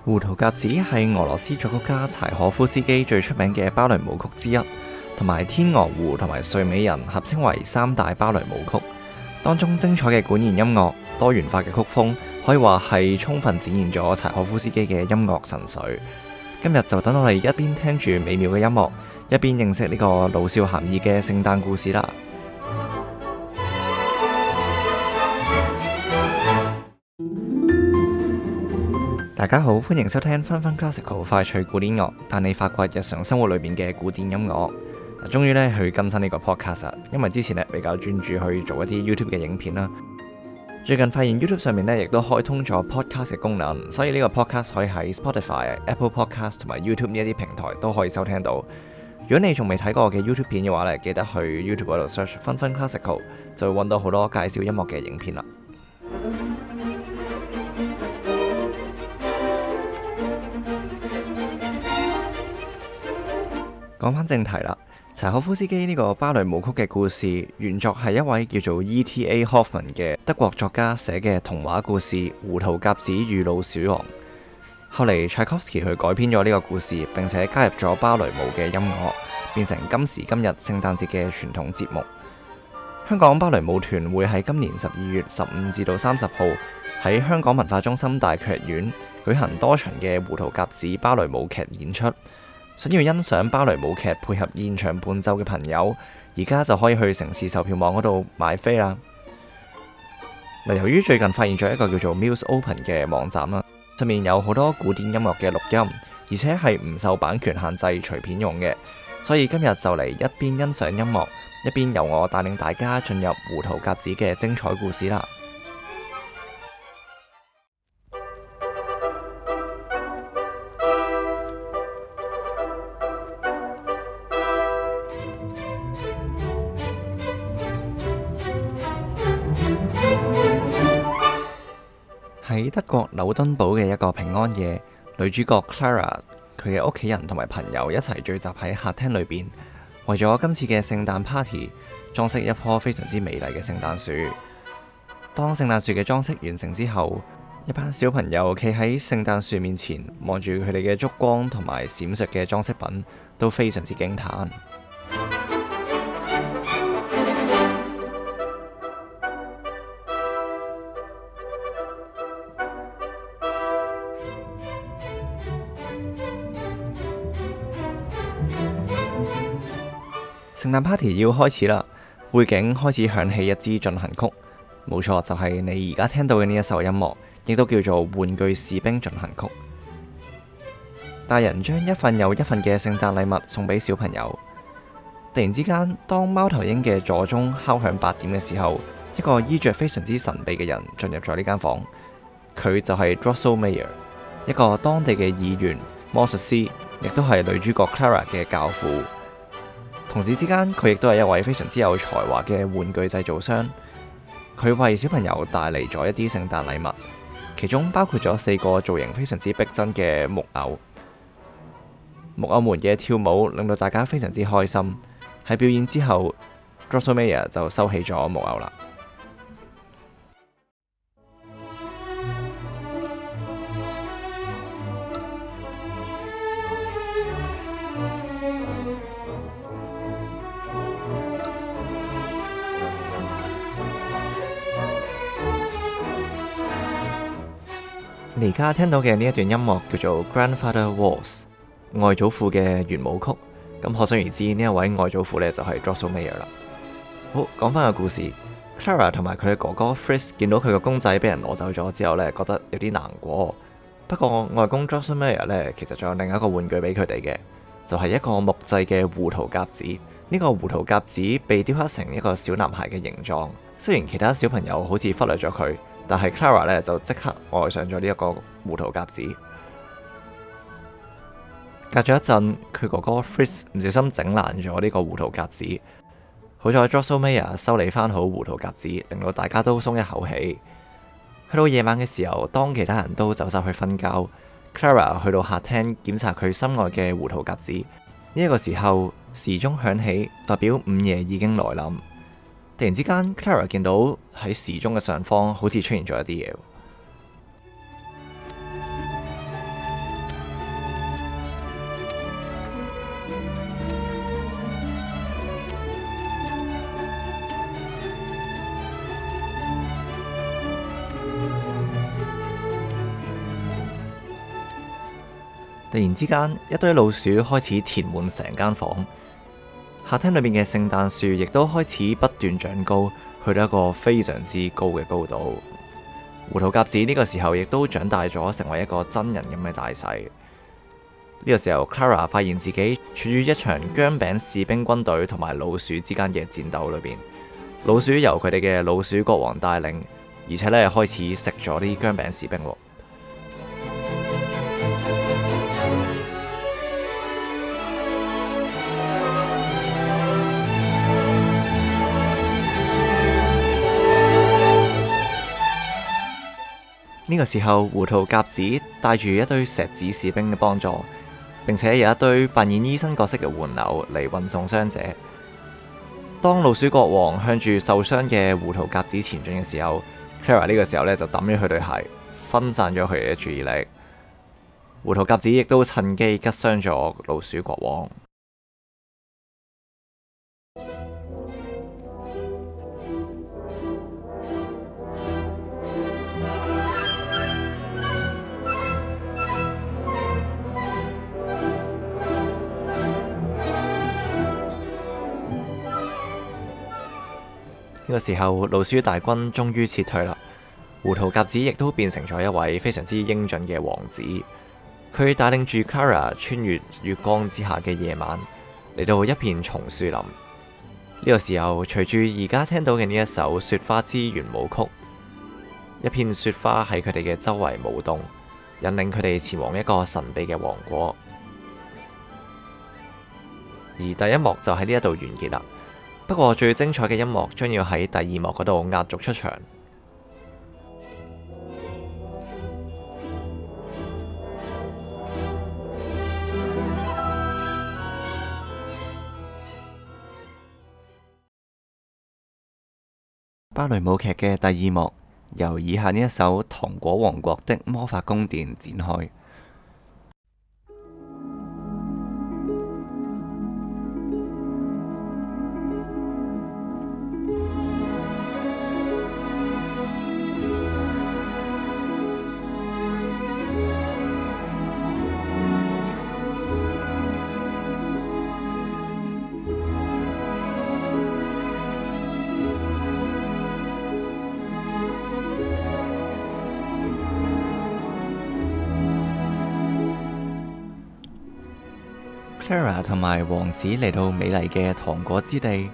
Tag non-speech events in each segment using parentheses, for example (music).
《胡桃夾子》係俄羅斯作曲家柴可夫斯基最出名嘅芭蕾舞曲之一，同埋《天鵝湖》同埋《睡美人》，合稱為三大芭蕾舞曲。當中精彩嘅管弦音樂、多元化嘅曲風，可以話係充分展現咗柴可夫斯基嘅音樂神髓。今日就等我哋一邊聽住美妙嘅音樂，一邊認識呢個老少咸宜嘅聖誕故事啦。大家好，歡迎收聽《紛紛 Classical 快趣古典樂》，帶你發掘日常生活裏面嘅古典音樂。終於呢去更新呢個 podcast，因為之前呢比較專注去做一啲 YouTube 嘅影片啦。最近發現 YouTube 上面呢亦都開通咗 podcast 嘅功能，所以呢個 podcast 可以喺 Spotify、Apple Podcast 同埋 YouTube 呢一啲平台都可以收聽到。如果你仲未睇過我嘅 YouTube 片嘅話呢，記得去 YouTube 度 search 紛紛 Classical，就會搵到好多介紹音樂嘅影片啦。講返正題啦，柴可夫斯基呢個芭蕾舞曲嘅故事原作係一位叫做 E.T.A. Hoffmann 嘅德國作家寫嘅童話故事《胡桃夾子與老鼠王》。後嚟柴可夫斯基去改編咗呢個故事，並且加入咗芭蕾舞嘅音樂，變成今時今日聖誕節嘅傳統節目。香港芭蕾舞團會喺今年十二月十五至到三十號喺香港文化中心大劇院舉行多場嘅《胡桃夾子》芭蕾舞劇演出。想要欣賞芭蕾舞劇配合現場伴奏嘅朋友，而家就可以去城市售票網嗰度買飛啦。嗱，由於最近發現咗一個叫做 Musopen 嘅網站啦，上面有好多古典音樂嘅錄音，而且係唔受版權限制隨便用嘅，所以今日就嚟一邊欣賞音樂，一邊由我帶領大家進入《胡桃夾子》嘅精彩故事啦。喺德國紐敦堡嘅一個平安夜，女主角 Clara 佢嘅屋企人同埋朋友一齊聚集喺客廳裏邊，為咗今次嘅聖誕 party 裝飾一棵非常之美麗嘅聖誕樹。當聖誕樹嘅裝飾完成之後，一班小朋友企喺聖誕樹面前，望住佢哋嘅燭光同埋閃爍嘅裝飾品，都非常之驚嘆。聖誕派對要開始啦，背景開始響起一支進行曲，冇錯就係、是、你而家聽到嘅呢一首音樂，亦都叫做《玩具士兵進行曲》。大人將一份又一份嘅聖誕禮物送俾小朋友。突然之間，當貓頭鷹嘅座鐘敲響八點嘅時候，一個衣着非常之神秘嘅人進入咗呢間房。佢就係 Drosselmeyer，一個當地嘅議員、魔術師，亦都係女主角 Clara 嘅教父。同時之間，佢亦都係一位非常之有才華嘅玩具製造商。佢為小朋友帶嚟咗一啲聖誕禮物，其中包括咗四個造型非常之逼真嘅木偶。木偶們嘅跳舞令到大家非常之開心。喺表演之後，Drosselmeier 就收起咗木偶啦。而家聽到嘅呢一段音樂叫做《Grandfather Waltz》，外祖父嘅圓舞曲。咁可想而知，呢一位外祖父呢就係 Drosselmeyer 啦。好，講翻個故事。Clara 同埋佢嘅哥哥 Fritz 見到佢個公仔俾人攞走咗之後呢，覺得有啲難過。不過外公 Drosselmeyer 呢，其實仲有另一個玩具俾佢哋嘅，就係一個木製嘅胡桃夾子。呢個胡桃夾子被雕刻成一個小男孩嘅形狀。雖然其他小朋友好似忽略咗佢，但係 Clara 呢，就即刻愛上咗呢一個胡桃夾子。隔咗一陣，佢哥哥 Fritz 唔小心整爛咗呢個胡桃夾子。好在 Drosselmeyer 修理翻好胡桃夾子，令到大家都鬆一口氣。去到夜晚嘅時候，當其他人都走晒去瞓覺 (laughs) ，Clara 去到客廳檢查佢心愛嘅胡桃夾子。呢一個時候時鐘響起，代表午夜已經來臨。突然之間，Clara 見到喺時鐘嘅上方好似出現咗一啲嘢。突然之間，一堆老鼠開始填滿成間房。客廳裏面嘅聖誕樹亦都開始不斷長高，去到一個非常之高嘅高度。胡桃夾子呢個時候亦都長大咗，成為一個真人咁嘅大細。呢個時候，Clara 發現自己處於一場薑餅士兵軍隊同埋老鼠之間嘅戰鬥裏邊。老鼠由佢哋嘅老鼠國王帶領，而且呢，開始食咗啲薑餅士兵。呢個時候，胡桃夾子帶住一堆石子士兵嘅幫助，並且有一堆扮演醫生角色嘅玩偶嚟運送傷者。當老鼠國王向住受傷嘅胡桃夾子前進嘅時候，Clara 呢個時候呢就抌咗佢對鞋，分散咗佢嘅注意力。胡桃夾子亦都趁機拮傷咗老鼠國王。呢個時候，老鼠大軍終於撤退啦。胡桃夾子亦都變成咗一位非常之英俊嘅王子。佢帶領住 Clara 穿越月光之下嘅夜晚，嚟到一片松樹林。呢個時候，隨住而家聽到嘅呢一首《雪花之圓舞曲》，一片雪花喺佢哋嘅周圍舞動，引領佢哋前往一個神秘嘅王國。而第一幕就喺呢一度完結啦。不過，最精彩嘅音樂將要喺第二幕嗰度壓軸出場。芭蕾舞劇嘅第二幕由以下呢一首《糖果王國的魔法宮殿》展開。Clara 同埋王子嚟到美麗嘅糖果之地。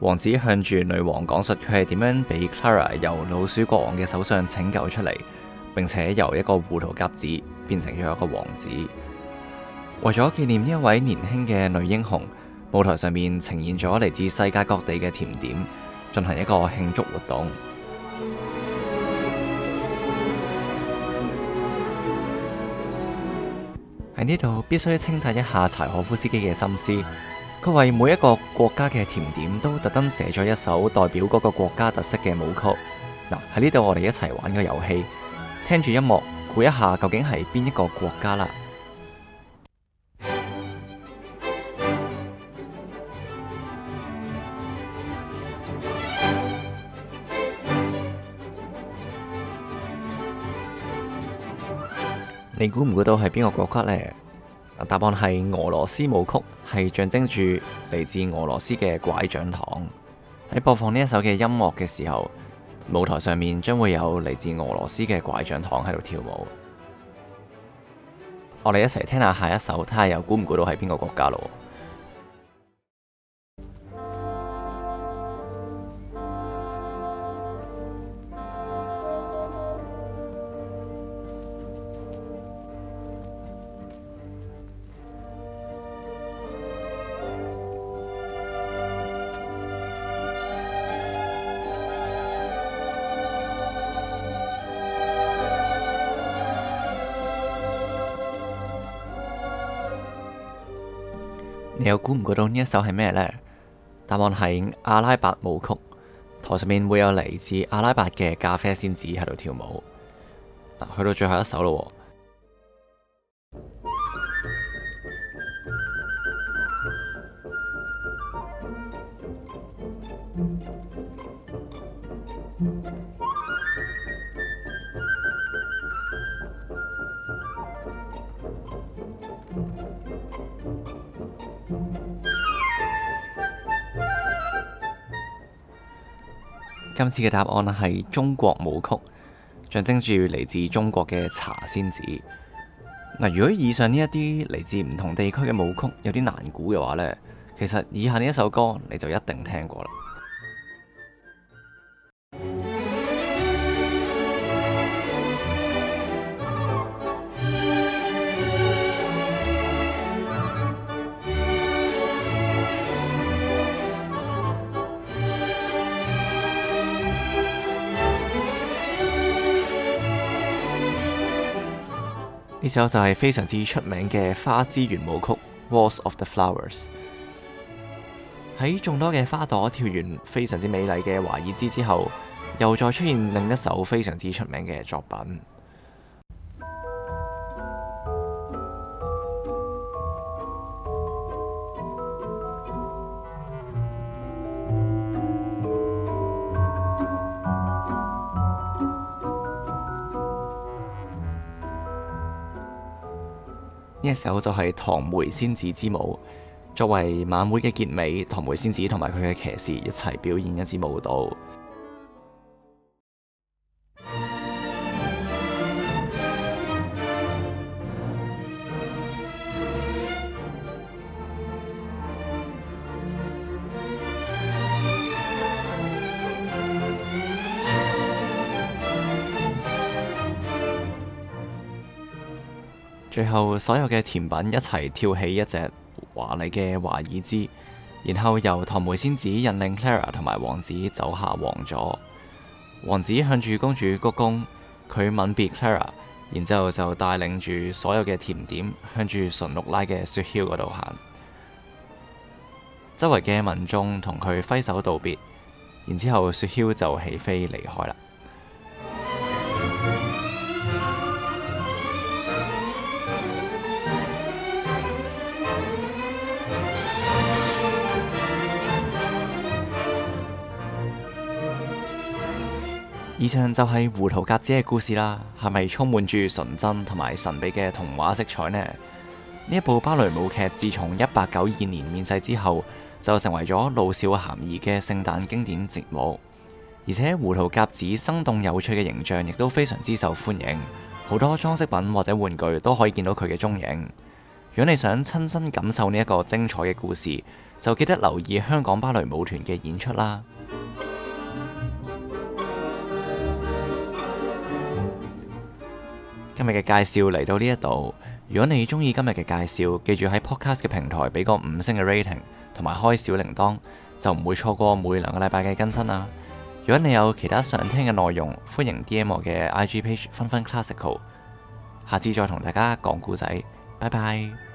王子向住女王講述佢係點樣俾 Clara 由老鼠國王嘅手上拯救出嚟，並且由一個胡桃夾子變成咗一個王子。為咗紀念呢一位年輕嘅女英雄，舞台上面呈現咗嚟自世界各地嘅甜點，進行一個慶祝活動。喺呢度必須稱讚一下柴可夫斯基嘅心思，佢為每一個國家嘅甜點都特登寫咗一首代表嗰個國家特色嘅舞曲。嗱，喺呢度我哋一齊玩個遊戲，聽住音樂估一下究竟係邊一個國家啦。你估唔估到係邊個國家呢？答案係俄羅斯舞曲，係象徵住嚟自俄羅斯嘅拐杖糖。喺播放呢一首嘅音樂嘅時候，舞台上面將會有嚟自俄羅斯嘅拐杖糖喺度跳舞。我哋一齊聽下下一首，睇下又估唔估到係邊個國家咯？你又估唔估到呢一首係咩呢？答案係阿拉伯舞曲，台上面會有嚟自阿拉伯嘅咖啡仙子喺度跳舞。去到最後一首咯喎。今次嘅答案係中國舞曲，象徵住嚟自中國嘅茶仙子。嗱，如果以上呢一啲嚟自唔同地區嘅舞曲有啲難估嘅話呢，其實以下呢一首歌你就一定聽過啦。呢首就係非常之出名嘅花之圓舞曲《Waltz of the Flowers》。喺眾多嘅花朵跳完非常之美麗嘅華爾茲之後，又再出現另一首非常之出名嘅作品。一首就係唐梅仙子之舞，作為晚會嘅結尾，唐梅仙子同埋佢嘅騎士一齊表演一支舞蹈。最後，所有嘅甜品一齊跳起一隻華麗嘅華爾茲，然後由唐梅仙子引領 Clara 同埋王子走下王座。王子向住公主鞠躬，佢吻別 Clara，然之後就帶領住所有嘅甜點向住馴鹿拉嘅雪橇嗰度行。周圍嘅民眾同佢揮手道別，然之後雪橇就起飛離開啦。以上就係胡桃夾子嘅故事啦，係咪充滿住純真同埋神秘嘅童話色彩呢？呢一部芭蕾舞劇自從一八九二年面世之後，就成為咗老少咸宜嘅聖誕經典節目，而且胡桃夾子生動有趣嘅形象亦都非常之受歡迎，好多裝飾品或者玩具都可以見到佢嘅蹤影。如果你想親身感受呢一個精彩嘅故事，就記得留意香港芭蕾舞團嘅演出啦。今日嘅介紹嚟到呢一度，如果你中意今日嘅介紹，記住喺 Podcast 嘅平台俾個五星嘅 rating，同埋開小鈴鐺，就唔會錯過每兩個禮拜嘅更新啦。如果你有其他想聽嘅內容，歡迎 DM 我嘅 IG page funfun classical。下次再同大家講故仔，拜拜。